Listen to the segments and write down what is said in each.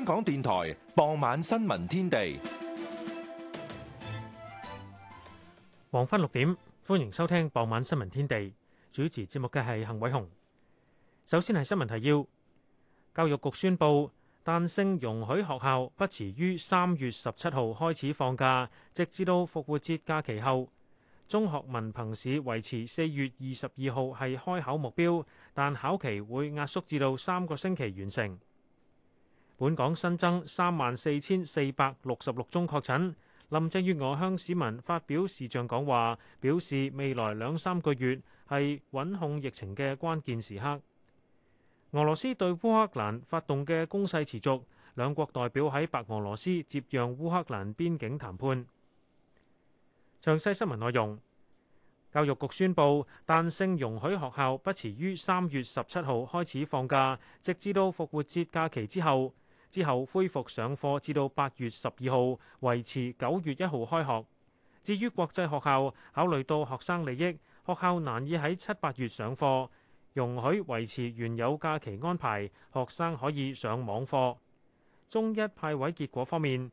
香港電台傍晚新聞天地，黃昏六點，歡迎收聽傍晚新聞天地。主持節目嘅係幸偉雄。首先係新聞提要：教育局宣佈，彈性容許學校不遲於三月十七號開始放假，直至到復活節假期後。中學文憑試維持四月二十二號係開考目標，但考期會壓縮至到三個星期完成。本港新增三萬四千四百六十六宗確診，林鄭月娥向市民發表視像講話，表示未來兩三個月係穩控疫情嘅關鍵時刻。俄羅斯對烏克蘭發動嘅攻勢持續，兩國代表喺白俄羅斯接壤烏克蘭邊境談判。詳細新聞內容。教育局宣布，彈性容許學校不遲於三月十七號開始放假，直至到復活節假期之後。之後恢復上課至到八月十二號，維持九月一號開學。至於國際學校，考慮到學生利益，學校難以喺七八月上課，容許維持原有假期安排，學生可以上網課。中一派位結果方面，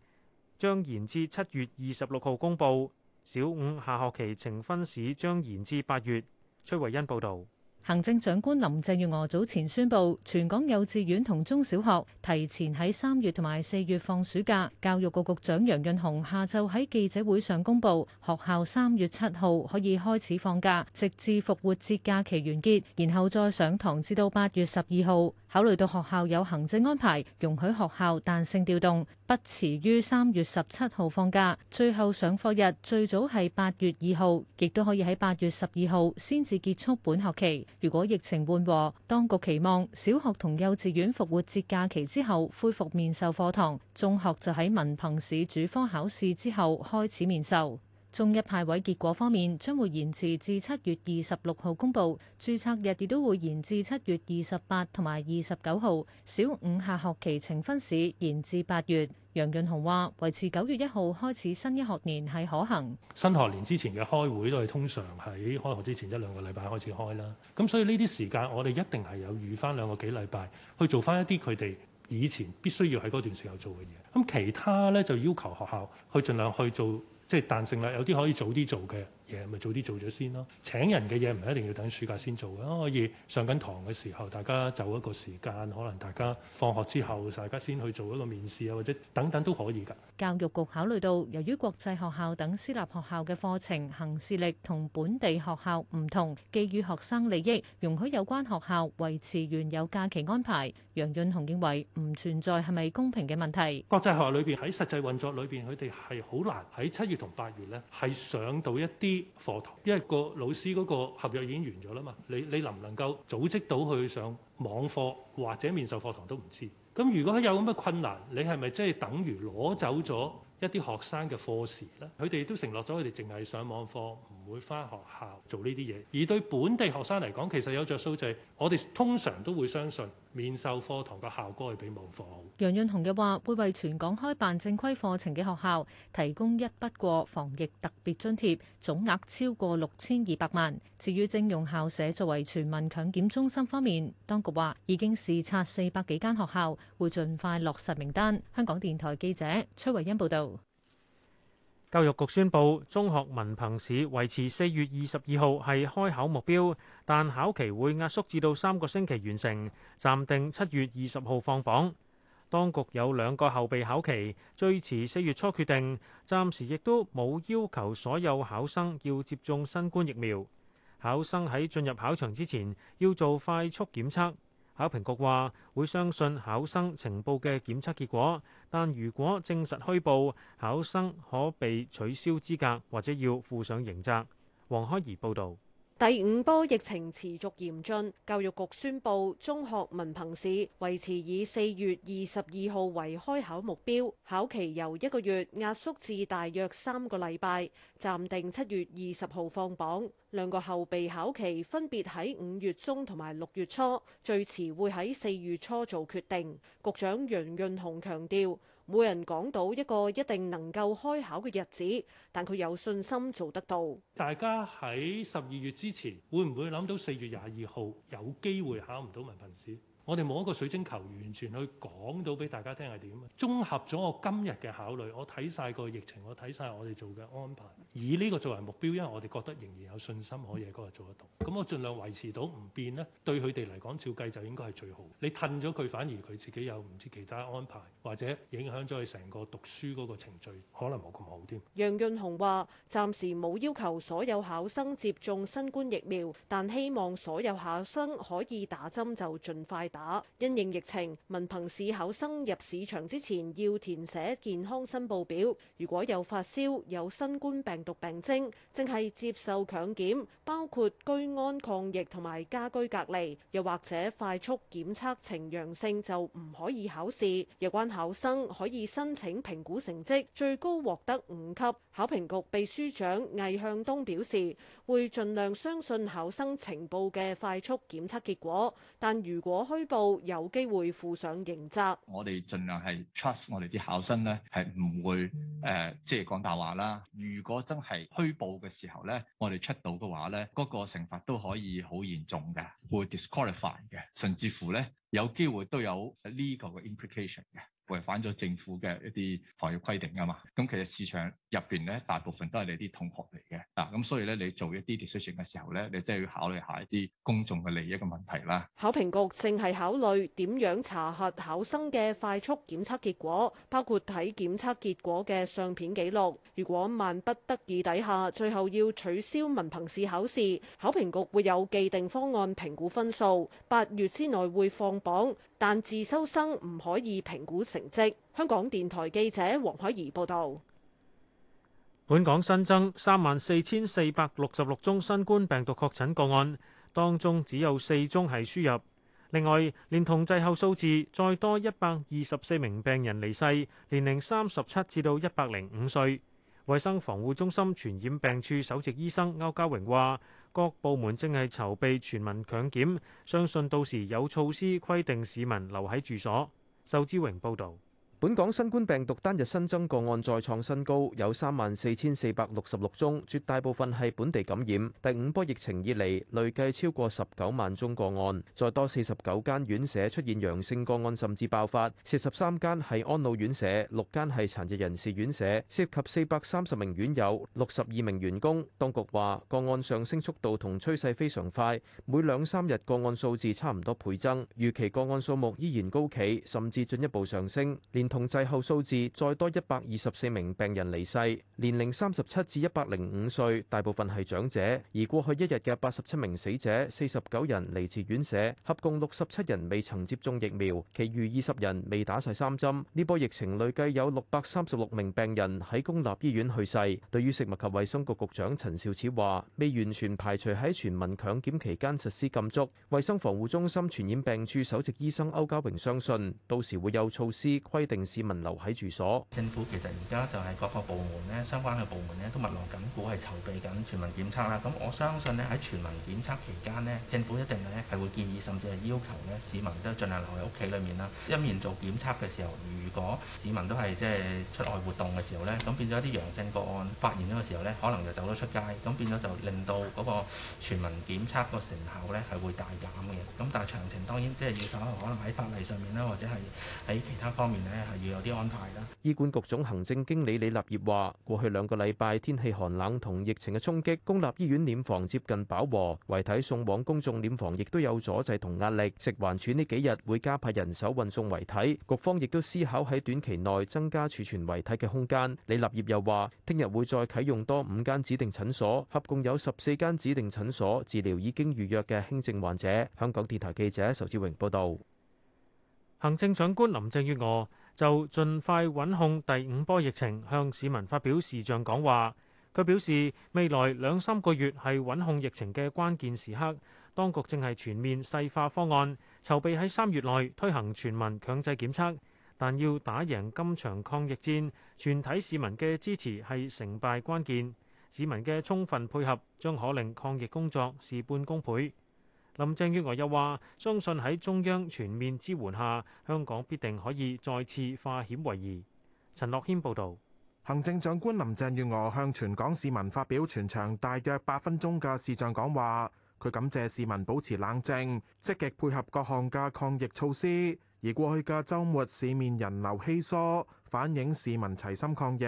將延至七月二十六號公佈。小五下學期呈分試將延至八月。崔惠恩報導。行政長官林鄭月娥早前宣布，全港幼稚園同中小學提前喺三月同埋四月放暑假。教育局局長楊潤雄下晝喺記者會上公布，學校三月七號可以開始放假，直至復活節假期完結，然後再上堂至到八月十二號。考慮到學校有行政安排，容許學校彈性調動，不遲於三月十七號放假，最後上課日最早係八月二號，亦都可以喺八月十二號先至結束本學期。如果疫情緩和，當局期望小學同幼稚園復活節假期之後恢復面授課堂，中學就喺文憑試主科考試之後開始面授。中一派位結果方面將會延遲至七月二十六號公佈，註冊日亦都會延至七月二十八同埋二十九號。小五下學期呈分試延至八月。楊潤雄話：維持九月一號開始新一學年係可行。新學年之前嘅開會都係通常喺開學之前一兩個禮拜開始開啦。咁所以呢啲時間我哋一定係有預翻兩個幾禮拜去做翻一啲佢哋以前必須要喺嗰段時候做嘅嘢。咁其他咧就要求學校去盡量去做。即係彈性啦，有啲可以早啲做嘅。嘢咪早啲做咗先咯。請人嘅嘢唔係一定要等暑假先做嘅，可以上緊堂嘅時候，大家就一個時間，可能大家放學之後大家先去做一個面試啊，或者等等都可以噶。教育局考慮到由於國際學校等私立學校嘅課程行事曆同本地學校唔同，基於學生利益，容許有關學校維持原有假期安排。楊潤雄認為唔存在係咪公平嘅問題，國際學校裏邊喺實際運作裏邊佢哋係好難，喺七月同八月咧係上到一啲。課堂，因為個老師嗰個合約已經完咗啦嘛，你你能唔能夠組織到去上網課或者面授課堂都唔知，咁如果有咁嘅困難，你係咪即係等於攞走咗一啲學生嘅課時咧？佢哋都承諾咗，佢哋淨係上網課。會翻學校做呢啲嘢，而對本地學生嚟講，其實有著數就係、是、我哋通常都會相信面授課堂嘅效果係比網課好。楊潤雄又話：會為全港開辦正規課程嘅學校提供一筆過防疫特別津貼，總額超過六千二百萬。至於徵用校舍作為全民強檢中心方面，當局話已經視察四百幾間學校，會盡快落實名單。香港電台記者崔慧欣報道。教育局宣佈，中學文憑試維持四月二十二號係開考目標，但考期會壓縮至到三個星期完成，暫定七月二十號放榜。當局有兩個後備考期，最遲四月初決定。暫時亦都冇要求所有考生要接種新冠疫苗。考生喺進入考場之前要做快速檢測。考評局話會相信考生呈報嘅檢測結果，但如果證實虛報，考生可被取消資格或者要負上刑責。黃開儀報道。第五波疫情持續嚴峻，教育局宣布中學文憑試維持以四月二十二號為開考目標，考期由一個月壓縮至大約三個禮拜，暫定七月二十號放榜。兩個後備考期分別喺五月中同埋六月初，最遲會喺四月初做決定。局長楊潤雄強調。每人講到一個一定能夠開考嘅日子，但佢有信心做得到。大家喺十二月之前，會唔會諗到四月廿二號有機會考唔到文憑試？我哋冇一個水晶球，完全去講到俾大家聽係點啊？綜合咗我今日嘅考慮，我睇晒個疫情，我睇晒我哋做嘅安排，以呢個作為目標，因為我哋覺得仍然有信心可以嗰日做得到。咁我盡量維持到唔變咧，對佢哋嚟講照計就應該係最好。你褪咗佢，反而佢自己有唔知其他安排，或者影響咗佢成個讀書嗰個程序，可能冇咁好添。楊潤雄話暫時冇要求所有考生接種新冠疫苗，但希望所有考生可以打針就盡快打因應疫情，文憑試考生入試場之前要填寫健康申報表。如果有發燒、有新冠病毒病徵，正係接受強檢，包括居安抗疫同埋家居隔離，又或者快速檢測呈陽性就唔可以考試。有關考生可以申請評估成績，最高獲得五級。考評局秘書長魏向東表示，會盡量相信考生呈報嘅快速檢測結果，但如果虛報有機會負上刑責。我哋盡量係 trust 我哋啲考生咧，係唔會誒，即係講大話啦。如果真係虛報嘅時候咧，我哋出到嘅話咧，嗰個懲罰都可以好嚴重嘅，會 disqualify 嘅，甚至乎咧有機會都有 legal 嘅 implication 嘅。違反咗政府嘅一啲行業規定啊嘛，咁其實市場入邊咧大部分都係你啲同學嚟嘅嗱，咁、啊、所以咧你做一啲 decision 嘅時候咧，你真係要考慮下一啲公眾嘅利益嘅問題啦。考評局正係考慮點樣查核考生嘅快速檢測結果，包括睇檢測結果嘅相片記錄，如果萬不得已底下，最後要取消文憑試考試，考評局會有既定方案評估分數，八月之內會放榜，但自修生唔可以評估成。成香港電台記者黃海怡報道，本港新增三萬四千四百六十六宗新冠病毒確診個案，當中只有四宗係輸入。另外，連同滯後數字，再多一百二十四名病人離世，年齡三十七至到一百零五歲。衛生防護中心傳染病處首席醫生歐家榮話，各部門正係籌備全民強檢，相信到時有措施規定市民留喺住所。周志榮報道。本港新冠病毒單日新增個案再創新高，有三萬四千四百六十六宗，絕大部分係本地感染。第五波疫情以嚟累計超過十九萬宗個案，再多四十九間院舍出現陽性個案，甚至爆發，四十三間係安老院舍，六間係殘疾人士院舍，涉及四百三十名院友、六十二名員工。當局話個案上升速度同趨勢非常快，每兩三日個案數字差唔多倍增。預期個案數目依然高企，甚至進一步上升。同滯後數字，再多一百二十四名病人離世，年齡三十七至一百零五歲，大部分係長者。而過去一日嘅八十七名死者，四十九人嚟自院舍，合共六十七人未曾接種疫苗，其餘二十人未打晒三針。呢波疫情累計有六百三十六名病人喺公立醫院去世。對於食物及衛生局局長陳肇始話，未完全排除喺全民強檢期間實施禁足。衛生防護中心傳染病處首席醫生歐家榮相信，到時會有措施規定市民留喺住所。政府其實而家就係各個部門咧，相關嘅部門咧都密鑼緊鼓係籌備緊全民檢測啦。咁我相信咧喺全民檢測期間呢，政府一定咧係會建議，甚至係要求咧市民都盡量留喺屋企裏面啦。一面做檢測嘅時候，如果市民都係即係出外活動嘅時候咧，咁變咗啲陽性個案發現咗嘅時候咧，可能就走咗出街，咁變咗就令到嗰個全民檢測個成效咧係會大減嘅。咁但係詳情當然即係要稍後，可能喺法例上面啦，或者係喺其他方面咧。係要有啲安排啦。醫管局總行政經理李立業話，過去兩個禮拜天氣寒冷同疫情嘅衝擊，公立醫院殮房接近飽和，遺體送往公眾殮房亦都有阻滯同壓力。食環署呢幾日會加派人手運送遺體，局方亦都思考喺短期內增加儲存遺體嘅空間。李立業又話，聽日會再啟用多五間指定診所，合共有十四間指定診所治療已經預約嘅輕症患者。香港電台記者仇志榮報道。行政長官林鄭月娥，就盡快穩控第五波疫情，向市民發表時像講話。佢表示，未來兩三個月係穩控疫情嘅關鍵時刻，當局正係全面細化方案，籌備喺三月內推行全民強制檢測。但要打贏今場抗疫戰，全體市民嘅支持係成敗關鍵，市民嘅充分配合將可令抗疫工作事半功倍。林鄭月娥又話：相信喺中央全面支援下，香港必定可以再次化險為夷。陳樂謙報導，行政長官林鄭月娥向全港市民發表全場大約八分鐘嘅視像講話。佢感謝市民保持冷靜，積極配合各項嘅抗疫措施。而過去嘅週末，市面人流稀疏，反映市民齊心抗疫。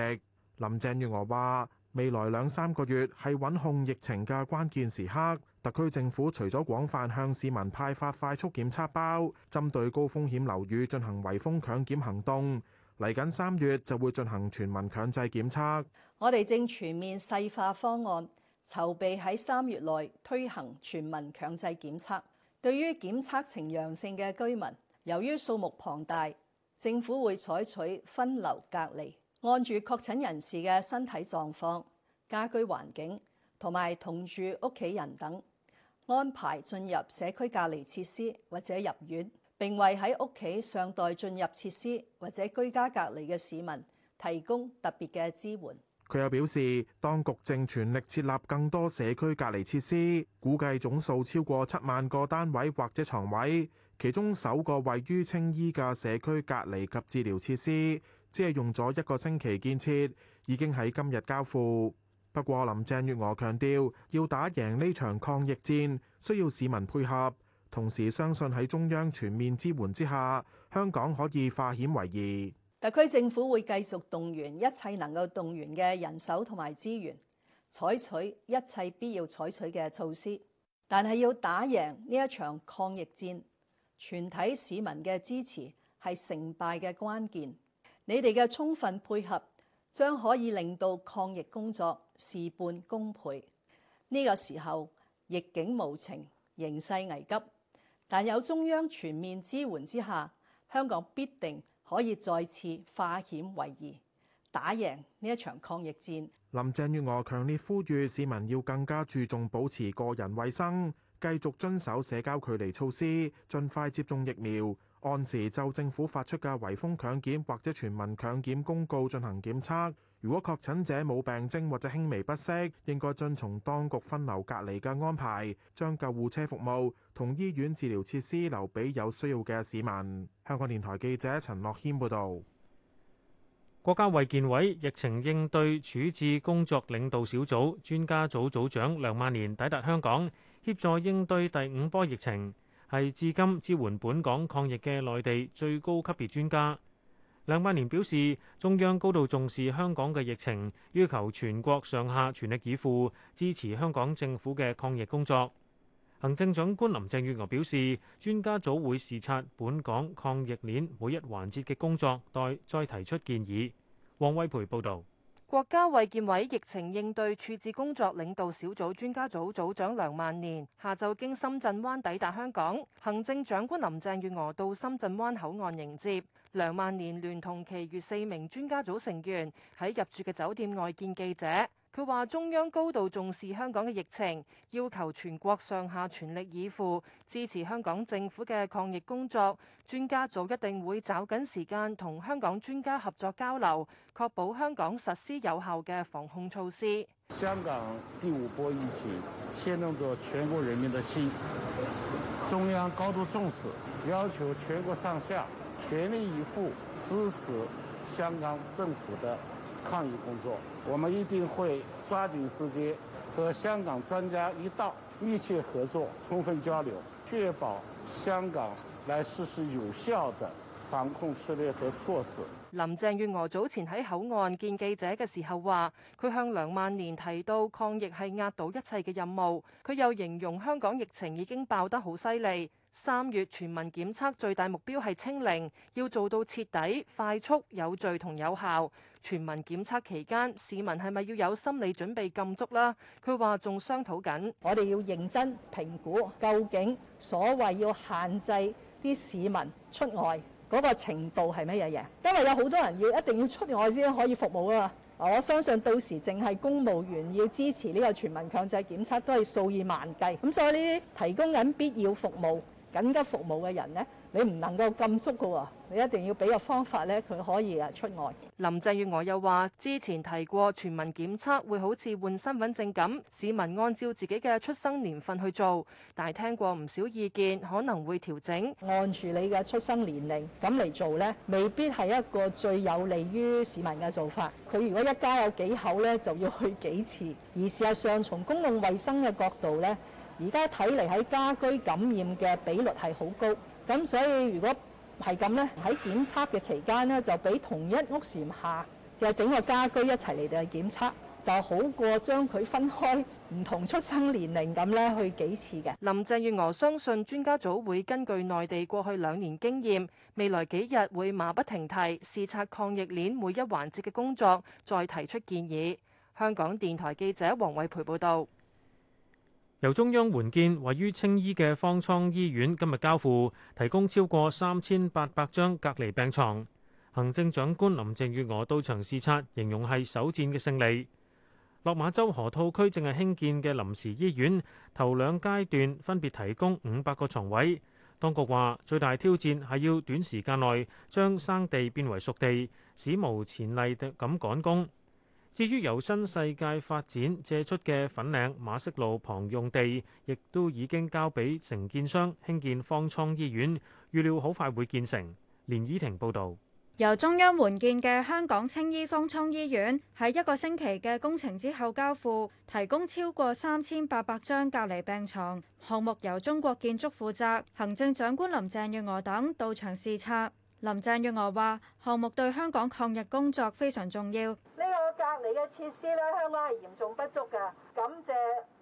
林鄭月娥話：未來兩三個月係穩控疫情嘅關鍵時刻，特區政府除咗廣泛向市民派發快速檢測包，針對高風險樓宇進行圍封強檢行動，嚟緊三月就會進行全民強制檢測。我哋正全面細化方案，籌備喺三月內推行全民強制檢測。對於檢測呈陽性嘅居民，由於數目龐大，政府會採取分流隔離。按住確診人士嘅身體狀況、家居環境同埋同住屋企人等，安排進入社區隔離設施或者入院，並為喺屋企尚待進入設施或者居家隔離嘅市民提供特別嘅支援。佢又表示，當局正全力設立更多社區隔離設施，估計總數超過七萬個單位或者床位，其中首個位於青衣嘅社區隔離及治療設施，只係用咗一個星期建設，已經喺今日交付。不過，林鄭月娥強調，要打贏呢場抗疫戰，需要市民配合，同時相信喺中央全面支援之下，香港可以化險為夷。特區政府會繼續動員一切能夠動員嘅人手同埋資源，採取一切必要採取嘅措施。但係要打贏呢一場抗疫戰，全體市民嘅支持係成敗嘅關鍵。你哋嘅充分配合，將可以令到抗疫工作事半功倍。呢個時候，逆境無情，形勢危急，但有中央全面支援之下，香港必定可以再次化險為夷，打贏呢一場抗疫戰。林鄭月娥強烈呼籲市民要更加注重保持個人衛生，繼續遵守社交距離措施，盡快接種疫苗。按時就政府發出嘅圍封強檢或者全民強檢公告進行檢測。如果確診者冇病徵或者輕微不適，應該遵從當局分流隔離嘅安排，將救護車服務同醫院治療設施留俾有需要嘅市民。香港電台記者陳樂軒報導。國家衛健委疫情應對處置工作領導小組專家組組長梁萬年抵達香港，協助應對第五波疫情。係至今支援本港抗疫嘅內地最高級別專家。梁萬年表示，中央高度重視香港嘅疫情，要求全國上下全力以赴支持香港政府嘅抗疫工作。行政長官林鄭月娥表示，專家組會視察本港抗疫鏈每一環節嘅工作，待再提出建議。王威培報導。國家衛健委疫情應對處置工作領導小組專家組組長梁萬年下晝經深圳灣抵達香港，行政長官林鄭月娥到深圳灣口岸迎接梁萬年，聯同其馀四名專家組成員喺入住嘅酒店外見記者。佢話：中央高度重視香港嘅疫情，要求全國上下全力以赴支持香港政府嘅抗疫工作。專家組一定會抓緊時間同香港專家合作交流，確保香港實施有效嘅防控措施。香港第五波疫情牽動著全國人民的心，中央高度重視，要求全國上下全力以赴支持香港政府的。抗疫工作，我們一定會抓緊時間和香港專家一道密切合作、充分交流，確保香港來實施有效的防控策略和措施。林鄭月娥早前喺口岸見記者嘅時候話，佢向梁萬年提到抗疫係壓倒一切嘅任務。佢又形容香港疫情已經爆得好犀利。三月全民檢測最大目標係清零，要做到徹底、快速、有序同有效。全民檢測期間，市民係咪要有心理準備禁足啦？佢話仲商討緊，我哋要認真評估究竟所謂要限制啲市民出外嗰個程度係乜嘢嘢？因為有好多人要一定要出外先可以服務啊！我相信到時淨係公務員要支持呢個全民強制檢測都係數以萬計，咁所以呢啲提供緊必要服務。緊急服務嘅人呢，你唔能夠禁足噶喎，你一定要俾個方法咧，佢可以啊出外。林鄭月娥又話：之前提過全民檢測會好似換身份證咁，市民按照自己嘅出生年份去做，但係聽過唔少意見，可能會調整，按住你嘅出生年齡咁嚟做呢，未必係一個最有利於市民嘅做法。佢如果一家有幾口呢，就要去幾次，而事實上從公共衞生嘅角度呢，而家睇嚟喺家居感染嘅比率係好高，咁所以如果係咁咧，喺檢測嘅期間咧，就俾同一屋檐下就整個家居一齊嚟到，檢測就好過將佢分開唔同出生年齡咁咧去幾次嘅。林鄭月娥相信專家組會根據內地過去兩年經驗，未來幾日會馬不停蹄視察抗疫鏈每一環節嘅工作，再提出建議。香港電台記者黃偉培報道。由中央援建位於青衣嘅方艙醫院，今日交付，提供超過三千八百張隔離病床。行政長官林鄭月娥到場視察，形容係首戰嘅勝利。落馬洲河套區正係興建嘅臨時醫院，頭兩階段分別提供五百個床位。當局話最大挑戰係要短時間內將生地變為熟地，史無前例咁趕工。至於由新世界發展借出嘅粉嶺馬適路旁用地，亦都已經交俾承建商興建方艙醫院，預料好快會建成。連依婷報導，由中央援建嘅香港青衣方艙醫院喺一個星期嘅工程之後交付，提供超過三千八百張隔離病床。項目由中國建築負責。行政長官林鄭月娥等到場視察。林鄭月娥話：項目對香港抗疫工作非常重要。隔離嘅設施呢，香港係嚴重不足㗎。感謝。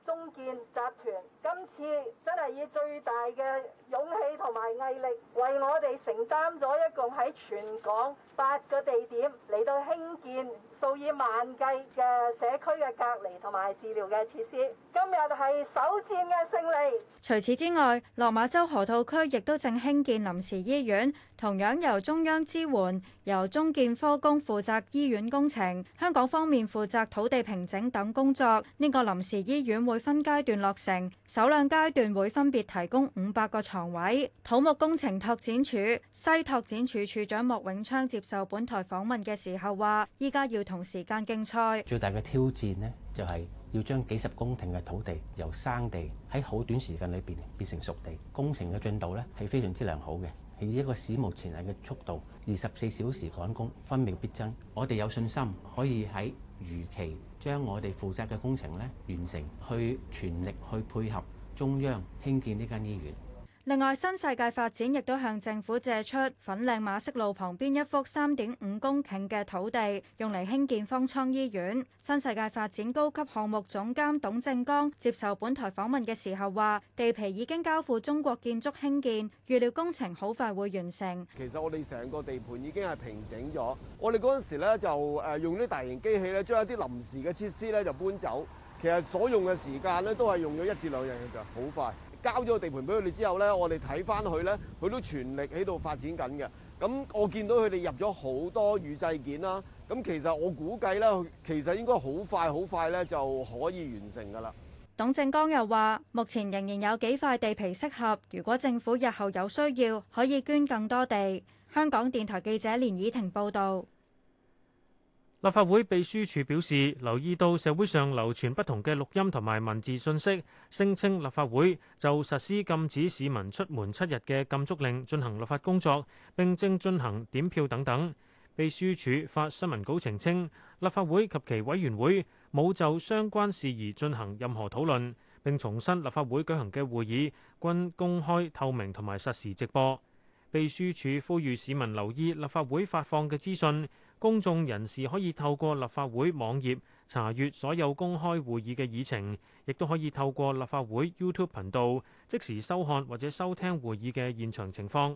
中建集團今次真係以最大嘅勇氣同埋毅力，為我哋承擔咗一共喺全港八個地點嚟到興建數以萬計嘅社區嘅隔離同埋治療嘅設施。今日係首戰嘅勝利。除此之外，落馬洲河套區亦都正興建臨時醫院，同樣由中央支援，由中建科工負責醫院工程，香港方面負責土地平整等工作。呢個臨時醫院會分階段落成，首兩階段會分別提供五百個床位。土木工程拓展署西拓展處處長莫永昌接受本台訪問嘅時候話：依家要同時間競賽，最大嘅挑戰呢，就係要將幾十公頃嘅土地由生地喺好短時間裏邊變成熟地。工程嘅進度呢，係非常之良好嘅，係一個史無前例嘅速度，二十四小時趕工，分秒必爭。我哋有信心可以喺。如期將我哋負責嘅工程呢，完成，去全力去配合中央興建呢間醫院。另外，新世界發展亦都向政府借出粉嶺馬適路旁邊一幅3.5公頃嘅土地，用嚟興建方艙醫院。新世界發展高級項目總監董正剛接受本台訪問嘅時候話，地皮已經交付中國建築興建，預料工程好快會完成。其實我哋成個地盤已經係平整咗，我哋嗰陣時咧就誒用啲大型機器咧將一啲臨時嘅設施咧就搬走，其實所用嘅時間咧都係用咗一至兩日嘅，就好快。交咗地盤俾佢哋之後呢，我哋睇翻佢呢，佢都全力喺度發展緊嘅。咁我見到佢哋入咗好多預製件啦。咁其實我估計呢，其實應該好快好快呢就可以完成㗎啦。董正江又話：目前仍然有幾塊地皮適合，如果政府日後有需要，可以捐更多地。香港電台記者連以婷報導。立法會秘書處表示，留意到社會上流傳不同嘅錄音同埋文字信息，聲稱立法會就實施禁止市民出門七日嘅禁足令進行立法工作，並正進行點票等等。秘書處發新聞稿澄清，立法會及其委員會冇就相關事宜進行任何討論，並重申立法會舉行嘅會議均公開透明同埋實時直播。秘書處呼籲市民留意立法會發放嘅資訊。公眾人士可以透過立法會網頁查閱所有公開會議嘅議程，亦都可以透過立法會 YouTube 頻道即時收看或者收聽會議嘅現場情況。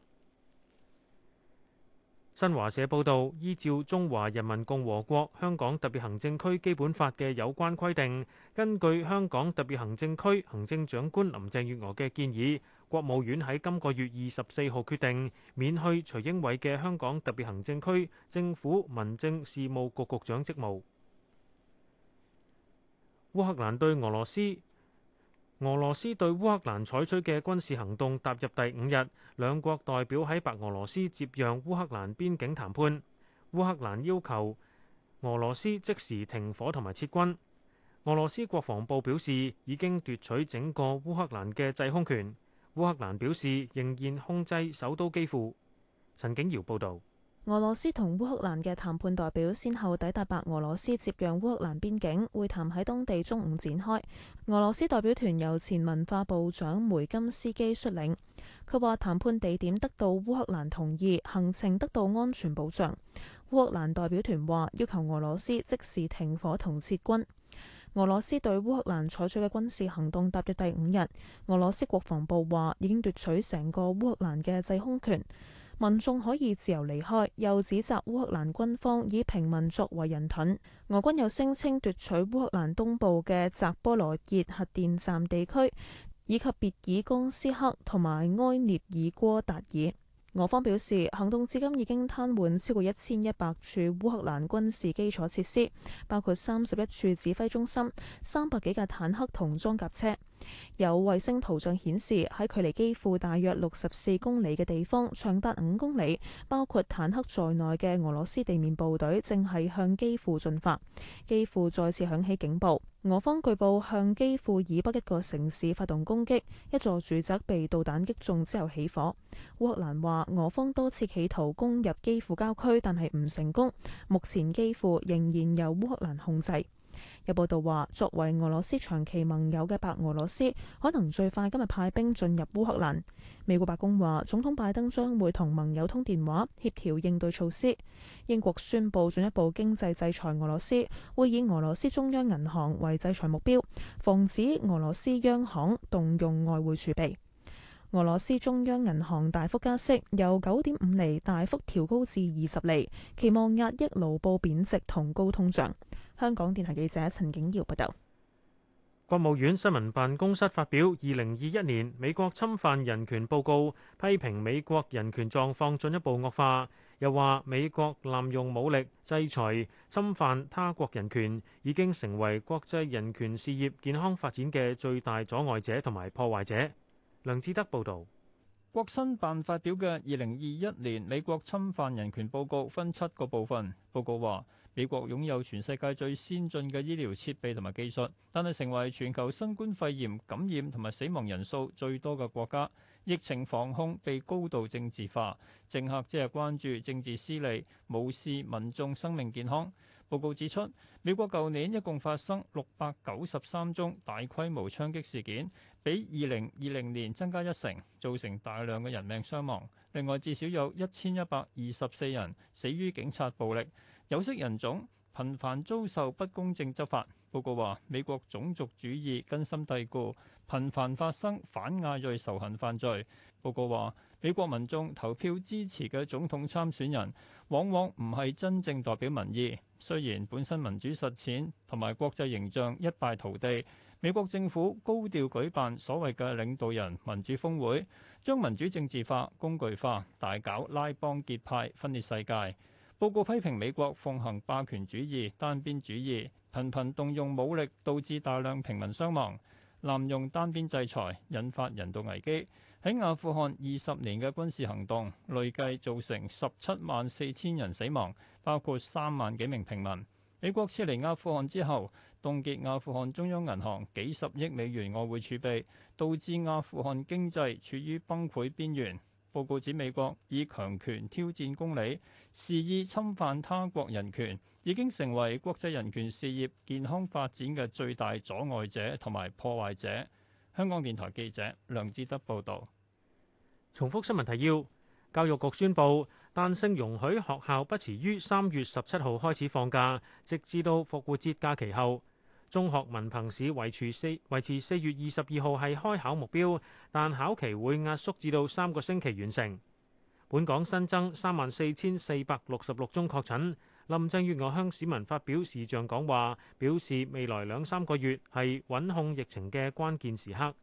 新華社報道，依照《中華人民共和國香港特別行政區基本法》嘅有關規定，根據香港特別行政區行政長官林鄭月娥嘅建議。國務院喺今個月二十四號決定免去徐英偉嘅香港特別行政區政府民政事務局局長職務。烏克蘭對俄羅斯、俄羅斯對烏克蘭採取嘅軍事行動踏入第五日，兩國代表喺白俄羅斯接壤烏克蘭邊境談判。烏克蘭要求俄羅斯即時停火同埋撤軍。俄羅斯國防部表示已經奪取整個烏克蘭嘅制空權。烏克蘭表示仍然控制首都基輔。陳景瑤報道，俄羅斯同烏克蘭嘅談判代表先後抵達白俄羅斯接壤烏克蘭邊境，會談喺當地中午展開。俄羅斯代表團由前文化部長梅金斯基率領，佢話談判地點得到烏克蘭同意，行程得到安全保障。烏克蘭代表團話要求俄羅斯即時停火同撤軍。俄羅斯對烏克蘭採取嘅軍事行動踏入第五日。俄羅斯國防部話已經奪取成個烏克蘭嘅制空權，民眾可以自由離開。又指責烏克蘭軍方以平民作為人盾。俄軍又聲稱奪取烏克蘭東部嘅扎波羅熱核電站地區以及別爾江斯克同埋埃涅爾戈達爾。俄方表示，行動至今已經癱瘓超過一千一百處烏克蘭軍事基礎設施，包括三十一處指揮中心、三百幾架坦克同裝甲車。有衛星圖像顯示，喺距離基輔大約六十四公里嘅地方，長達五公里，包括坦克在內嘅俄羅斯地面部隊正係向基輔進發。基輔再次響起警報，俄方據報向基輔以北一個城市發動攻擊，一座住宅被導彈擊中之後起火。烏克蘭話，俄方多次企圖攻入基輔郊區，但係唔成功。目前基輔仍然由烏克蘭控制。有報道話，作為俄羅斯長期盟友嘅白俄羅斯，可能最快今日派兵進入烏克蘭。美國白宮話，總統拜登將會同盟友通電話，協調應對措施。英國宣布進一步經濟制裁俄羅斯，會以俄羅斯中央銀行為制裁目標，防止俄羅斯央行動用外匯儲備。俄羅斯中央銀行大幅加息，由九點五厘大幅調高至二十厘，期望壓抑盧布貶值同高通脹。香港電台記者陳景瑤報道，國務院新聞辦公室發表《二零二一年美國侵犯人權報告》，批評美國人權狀況進一步惡化，又話美國濫用武力、制裁、侵犯他國人權，已經成為國際人權事業健康發展嘅最大阻礙者同埋破壞者。梁志德報道，國新辦發表嘅《二零二一年美國侵犯人權報告》分七個部分，報告話。美國擁有全世界最先進嘅醫療設備同埋技術，但係成為全球新冠肺炎感染同埋死亡人數最多嘅國家。疫情防控被高度政治化，政客只係關注政治私利，無視民眾生命健康。報告指出，美國舊年一共發生六百九十三宗大規模槍擊事件，比二零二零年增加一成，造成大量嘅人命傷亡。另外，至少有一千一百二十四人死於警察暴力。有色人種頻繁遭受不公正執法。報告話，美國種族主義根深蒂固，頻繁發生反亞裔仇恨犯罪。報告話，美國民眾投票支持嘅總統參選人，往往唔係真正代表民意。雖然本身民主實踐同埋國際形象一敗塗地，美國政府高調舉辦所謂嘅領導人民主峰會，將民主政治化、工具化，大搞拉幫結派，分裂世界。報告批評美國奉行霸權主義、單邊主義，頻頻動用武力，導致大量平民傷亡；濫用單邊制裁，引發人道危機。喺阿富汗二十年嘅軍事行動，累計造成十七萬四千人死亡，包括三萬幾名平民。美國撤離阿富汗之後，凍結阿富汗中央銀行幾十億美元外匯儲備，導致阿富汗經濟處於崩潰邊緣。報告指美國以強權挑戰公理，肆意侵犯他國人權，已經成為國際人權事業健康發展嘅最大阻礙者同埋破壞者。香港電台記者梁志德報道。重複新聞提要：教育局宣布，彈性容許學校不遲於三月十七號開始放假，直至到復活節假期後。中學文憑試維持四維持四月二十二號係開考目標，但考期會壓縮至到三個星期完成。本港新增三萬四千四百六十六宗確診。林鄭月娥向市民發表視像講話，表示未來兩三個月係穩控疫情嘅關鍵時刻。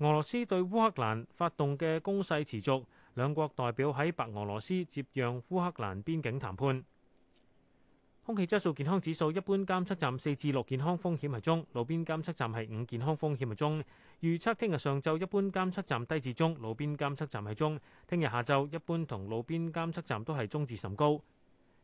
俄羅斯對烏克蘭發動嘅攻勢持續，兩國代表喺白俄羅斯接壤烏克蘭邊境談判。空氣質素健康指數一般監測站四至六，健康風險係中；路邊監測站係五，健康風險係中。預測聽日上晝一般監測站低至中，路邊監測站係中；聽日下晝一般同路邊監測站都係中至甚高。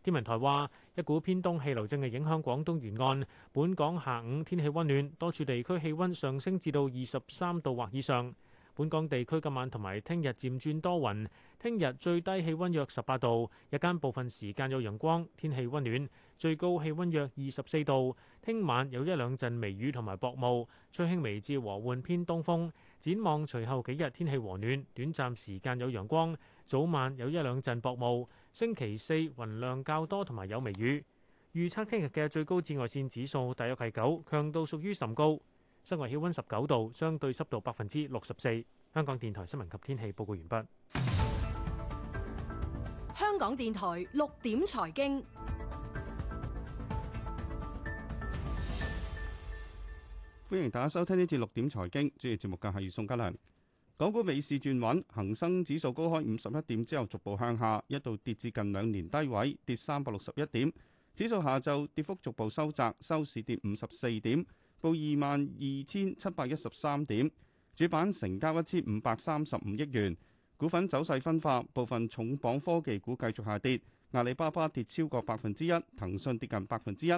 天文台話，一股偏東氣流正係影響廣東沿岸，本港下午天氣温暖，多處地區氣温上升至到二十三度或以上。本港地區今晚同埋聽日漸轉多雲，聽日最低氣温約十八度，日間部分時間有陽光，天氣温暖。最高氣溫約二十四度，聽晚有一兩陣微雨同埋薄霧，吹輕微至和緩偏東風。展望隨後幾日天氣和暖，短暫時間有陽光，早晚有一兩陣薄霧。星期四雲量較多同埋有微雨。預測聽日嘅最高紫外線指數大約係九，強度屬於甚高。室外氣溫十九度，相對濕度百分之六十四。香港電台新聞及天氣報告完畢。香港電台六點財經。歡迎大家收聽呢節六點財經，主要節目嘅係宋家良。港股美市轉穩，恒生指數高開五十一點之後，逐步向下，一度跌至近兩年低位，跌三百六十一點。指數下晝跌幅逐步收窄，收市跌五十四點，報二萬二千七百一十三點。主板成交一千五百三十五億元，股份走勢分化，部分重磅科技股繼續下跌，阿里巴巴跌超過百分之一，騰訊跌近百分之一。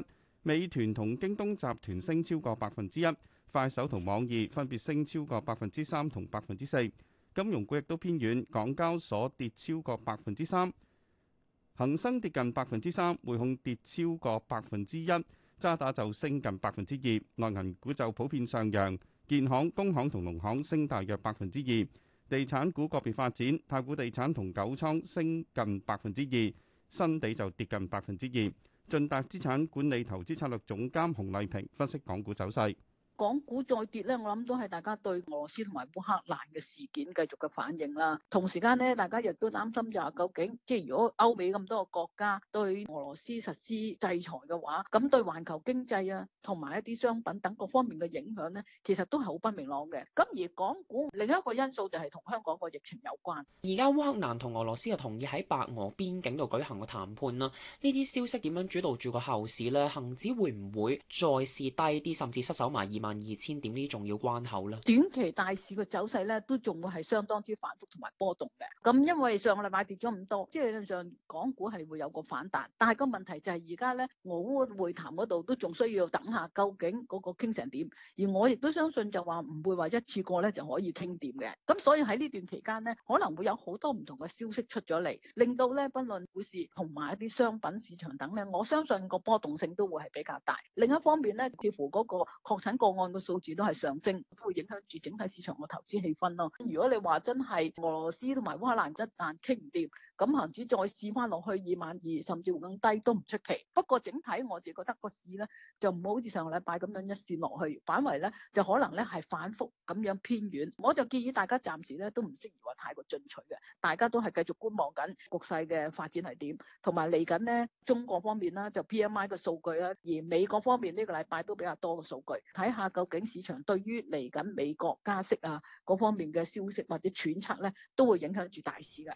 美團同京東集團升超過百分之一，快手同網易分別升超過百分之三同百分之四。金融股亦都偏軟，港交所跌超過百分之三，恒生跌近百分之三，匯控跌超過百分之一，渣打就升近百分之二。內銀股就普遍上揚，建行、工行同農行升大約百分之二。地產股個別發展，太古地產同九倉升近百分之二，新地就跌近百分之二。駿達資產管理投資策略總監洪麗萍分析港股走勢。港股再跌咧，我諗都係大家對俄羅斯同埋烏克蘭嘅事件繼續嘅反應啦。同時間咧，大家亦都擔心就係究竟，即係如果歐美咁多個國家對俄羅斯實施制裁嘅話，咁對環球經濟啊，同埋一啲商品等各方面嘅影響咧，其實都係好不明朗嘅。咁而港股另一個因素就係同香港個疫情有關，而家烏克蘭同俄羅斯又同意喺白俄邊境度舉行個談判啦，呢啲消息點樣主導住個後市咧？恒指會唔會再試低啲，甚至失守埋二萬？萬二千點呢重要關口咧，短期大市嘅走勢咧都仲會係相當之反復同埋波動嘅。咁、嗯、因為上個禮拜跌咗咁多，即係理論上港股係會有個反彈，但係個問題就係而家咧俄烏會談嗰度都仲需要等下，究竟嗰個傾成點？而我亦都相信就話唔會話一次過咧就可以傾掂嘅。咁、嗯、所以喺呢段期間咧，可能會有好多唔同嘅消息出咗嚟，令到咧不論股市同埋一啲商品市場等咧，我相信個波動性都會係比較大。另一方面咧，似乎嗰個確診個。按個數字都係上升，都會影響住整體市場嘅投資氣氛咯。咁如果你話真係俄羅斯同埋烏克蘭一旦傾唔掂，咁恒指再試翻落去二萬二，甚至乎更低都唔出奇。不過整體我就覺得個市咧就唔好好似上個禮拜咁樣一線落去，反為咧就可能咧係反覆咁樣偏軟。我就建議大家暫時咧都唔適宜話太過進取嘅，大家都係繼續觀望緊局勢嘅發展係點，同埋嚟緊咧中國方面啦，就 P M I 嘅數據啦，而美國方面呢個禮拜都比較多嘅數據，睇下究竟市場對於嚟緊美國加息啊嗰方面嘅消息或者揣測咧都會影響住大市嘅。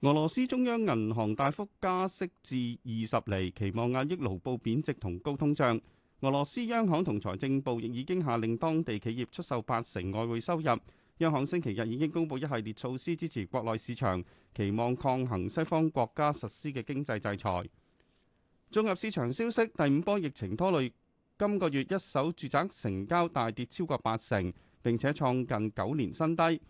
俄羅斯中央銀行大幅加息至二十厘，期望壓抑盧布貶值同高通脹。俄羅斯央行同財政部亦已經下令當地企業出售八成外匯收入。央行星期日已經公布一系列措施支持國內市場，期望抗衡西方國家實施嘅經濟制裁。綜合市場消息，第五波疫情拖累，今個月一手住宅成交大跌超過八成，並且創近九年新低。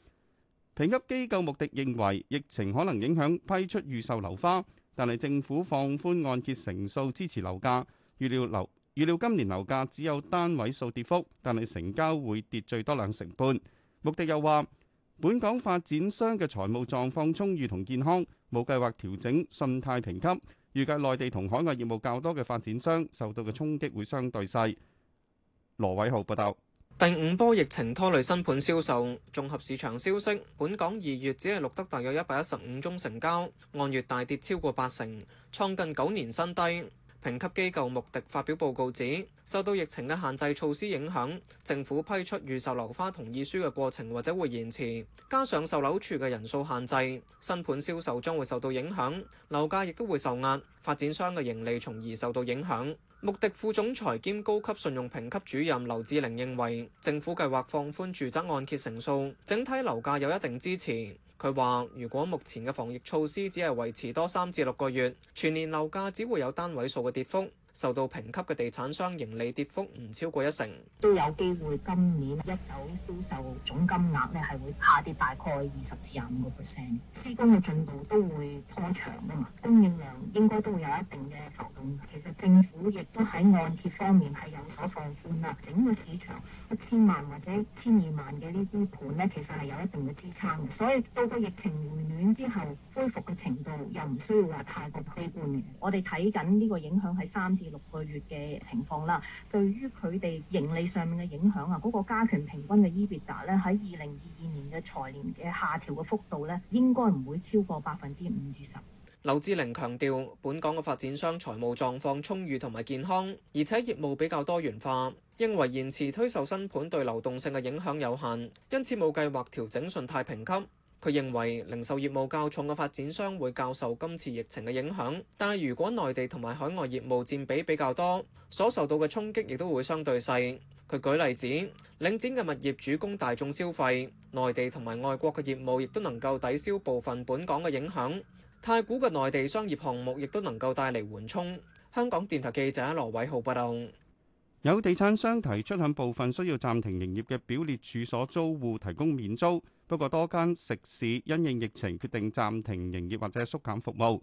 評級機構穆迪認為，疫情可能影響批出預售樓花，但係政府放寬按揭成數支持樓價，預料樓預料今年樓價只有單位數跌幅，但係成交會跌最多兩成半。穆迪又話，本港發展商嘅財務狀況充裕同健康，冇計劃調整信貸評級。預計內地同海外業務較多嘅發展商受到嘅衝擊會相對細。羅偉浩報道。第五波疫情拖累新盤銷售。綜合市場消息，本港二月只係錄得大約一百一十五宗成交，按月大跌超過八成，創近九年新低。評級機構穆迪發表報告指，受到疫情嘅限制措施影響，政府批出預售樓花同意書嘅過程或者會延遲，加上售樓處嘅人數限制，新盤銷售將會受到影響，樓價亦都會受壓，發展商嘅盈利從而受到影響。穆迪副總裁兼高級信用評級主任劉志玲認為，政府計劃放寬住宅按揭成數，整體樓價有一定支持。佢話：如果目前嘅防疫措施只係維持多三至六個月，全年樓價只會有單位數嘅跌幅。受到評級嘅地產商盈利跌幅唔超過一成，都有機會今年一手銷售總金額咧係會下跌大概二十至廿五個 percent。施工嘅進度都會拖長啊嘛，供應量應該都會有一定嘅浮動。其實政府亦都喺按揭方面係有所放寬啦。整個市場一千萬或者千二萬嘅呢啲盤咧，其實係有一定嘅支撐。所以到個疫情回暖之後恢復嘅程度又唔需要話太過悲觀嘅。我哋睇緊呢個影響係三至六個月嘅情況啦，對於佢哋盈利上面嘅影響啊，嗰個加權平均嘅 EBITDA 咧喺二零二二年嘅財年嘅下調嘅幅度咧，應該唔會超過百分之五至十。劉志玲強調，本港嘅發展商財務狀況充裕同埋健康，而且業務比較多元化，認為延遲推售新盤對流動性嘅影響有限，因此冇計劃調整信貸評級。佢認為零售業務較重嘅發展商會較受今次疫情嘅影響，但係如果內地同埋海外業務佔比比較多，所受到嘅衝擊亦都會相對細。佢舉例子，領展嘅物業主攻大眾消費，內地同埋外國嘅業務亦都能夠抵消部分本港嘅影響。太古嘅內地商業項目亦都能夠帶嚟緩衝。香港電台記者羅偉浩報道。有地產商提出向部分需要暫停營業嘅表列處所租戶提供免租。不過，多間食肆因應疫情決定暫停營業或者縮減服務。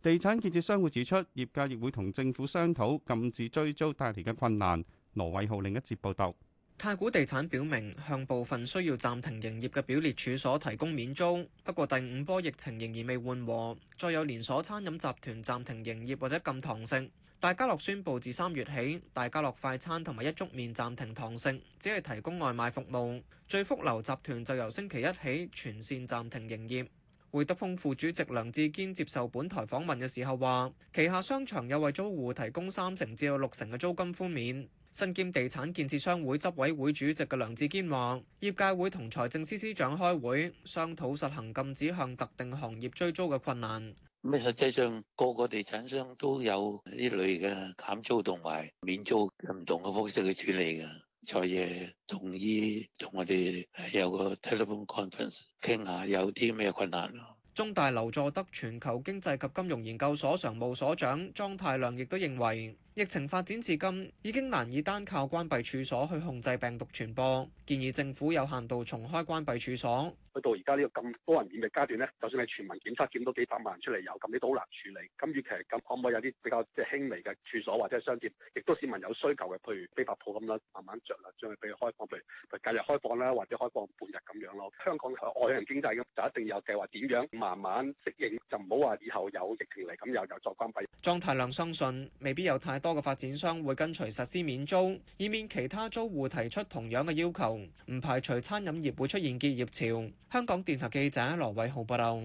地產建設商會指出，業界亦會同政府商討禁止追租帶嚟嘅困難。羅偉浩另一節報道，太古地產表明向部分需要暫停營業嘅表列處所提供免租。不過，第五波疫情仍然未緩和，再有連鎖餐飲集團暫停營業或者禁堂食。大家樂宣布，自三月起，大家樂快餐同埋一粥麵暫停堂食，只係提供外賣服務。聚福樓集團就由星期一起全線暫停營業。會德豐副主席梁志堅接受本台訪問嘅時候話，旗下商場有為租戶提供三成至到六成嘅租金寬免。身兼地產建設商會執委會主席嘅梁志堅話，業界會同財政司司長開會，商討實行禁止向特定行業追租嘅困難。咁，實際上，個個地產商都有呢類嘅減租同埋免租嘅唔同嘅方式去處理嘅，財爺同意同我哋有個 telephone conference 傾下，有啲咩困難咯？中大劉佐德全球經濟及金融研究所常務所長莊太量亦都認為。疫情發展至今，已經難以單靠關閉處所去控制病毒傳播，建議政府有限度重開關閉處所。去到而家呢個咁多人染疫嘅階段呢，就算係全民檢測檢到幾百萬人出嚟有，咁你都好難處理。咁與其咁，可唔可以有啲比較即係輕微嘅處所或者係商店，亦都市民有需求嘅，譬如非法鋪咁啦，慢慢著力將佢俾開放，譬如隔日開放啦，或者開放半日咁樣咯。香港外人經濟咁就一定有計劃點樣慢慢適應，就唔好話以後有疫情嚟咁又又再關閉。莊太量相信未必有太多。多個發展商會跟隨實施免租，以免其他租戶提出同樣嘅要求。唔排除餐飲業會出現結業潮。香港電台記者羅偉浩報導。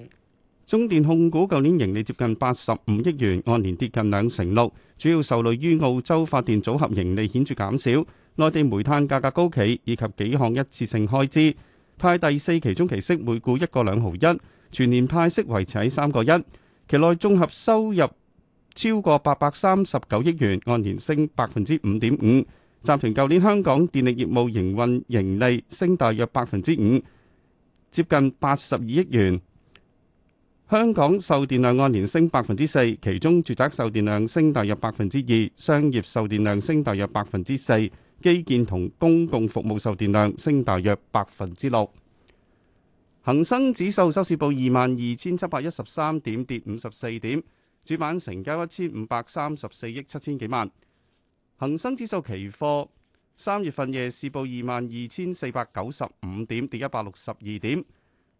中電控股舊年盈利接近八十五億元，按年跌近兩成六，主要受累於澳洲發電組合盈利顯著減少、內地煤炭價格高企以及幾項一次性開支。派第四期中期息每股一個兩毫一，全年派息維持喺三個一。期內綜合收入超過八百三十九億元，按年升百分之五點五。集團舊年香港電力業務營運盈利升大約百分之五，接近八十二億元。香港售電量按年升百分之四，其中住宅售電量升大約百分之二，商業售電量升大約百分之四，基建同公共服務售電量升大約百分之六。恒生指數收市報二萬二千七百一十三點，跌五十四點。主板成交一千五百三十四億七千幾萬，恒生指數期貨三月份夜市報二萬二千四百九十五點，跌一百六十二點。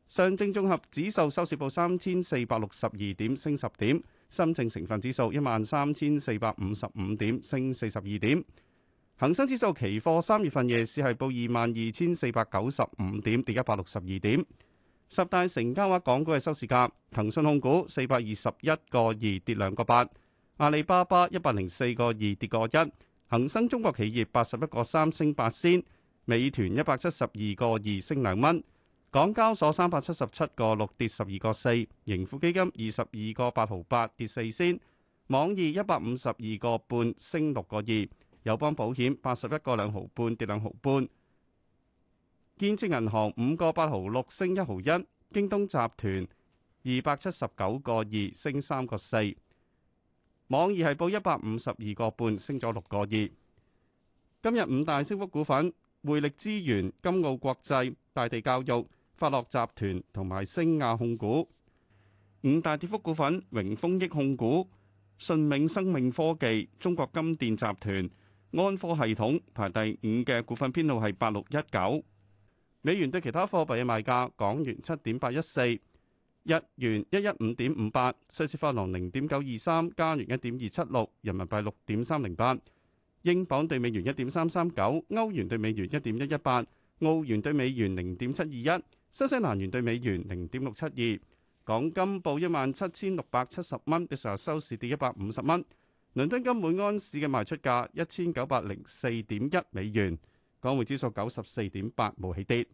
上證綜合指數收市報三千四百六十二點，升十點。深證成分指數一萬三千四百五十五點，升四十二點。恒生指數期貨三月份夜市係報二萬二千四百九十五點，跌一百六十二點。十大成交額港股嘅收市價：騰訊控股四百二十一個二跌兩個八，阿里巴巴一百零四個二跌個一，恒生中國企業八十一個三升八仙，美團一百七十二個二升兩蚊，港交所三百七十七個六跌十二個四，盈富基金二十二個八毫八跌四仙，網易一百五十二個半升六個二，友邦保險八十一個兩毫半跌兩毫半。建設銀行五個八毫六升一毫一，京東集團二百七十九個二升三個四，網易係報一百五十二個半升咗六個二。今日五大升幅股份：匯力資源、金澳國際、大地教育、發樂集團同埋星亞控股。五大跌幅股份：榮豐益控股、順明生命科技、中國金電集團、安科系統。排第五嘅股份編號係八六一九。美元對其他貨幣嘅賣價：港元七點八一四，日元一一五點五八，瑞士法郎零點九二三，加元一點二七六，人民幣六點三零八，英鎊對美元一點三三九，歐元對美元一點一一八，澳元對美元零點七二一，新西蘭元對美元零點六七二。港金報一萬七千六百七十蚊，一成日收市跌一百五十蚊。倫敦金每安士嘅賣出價一千九百零四點一美元。港匯指數九十四點八，冇起跌。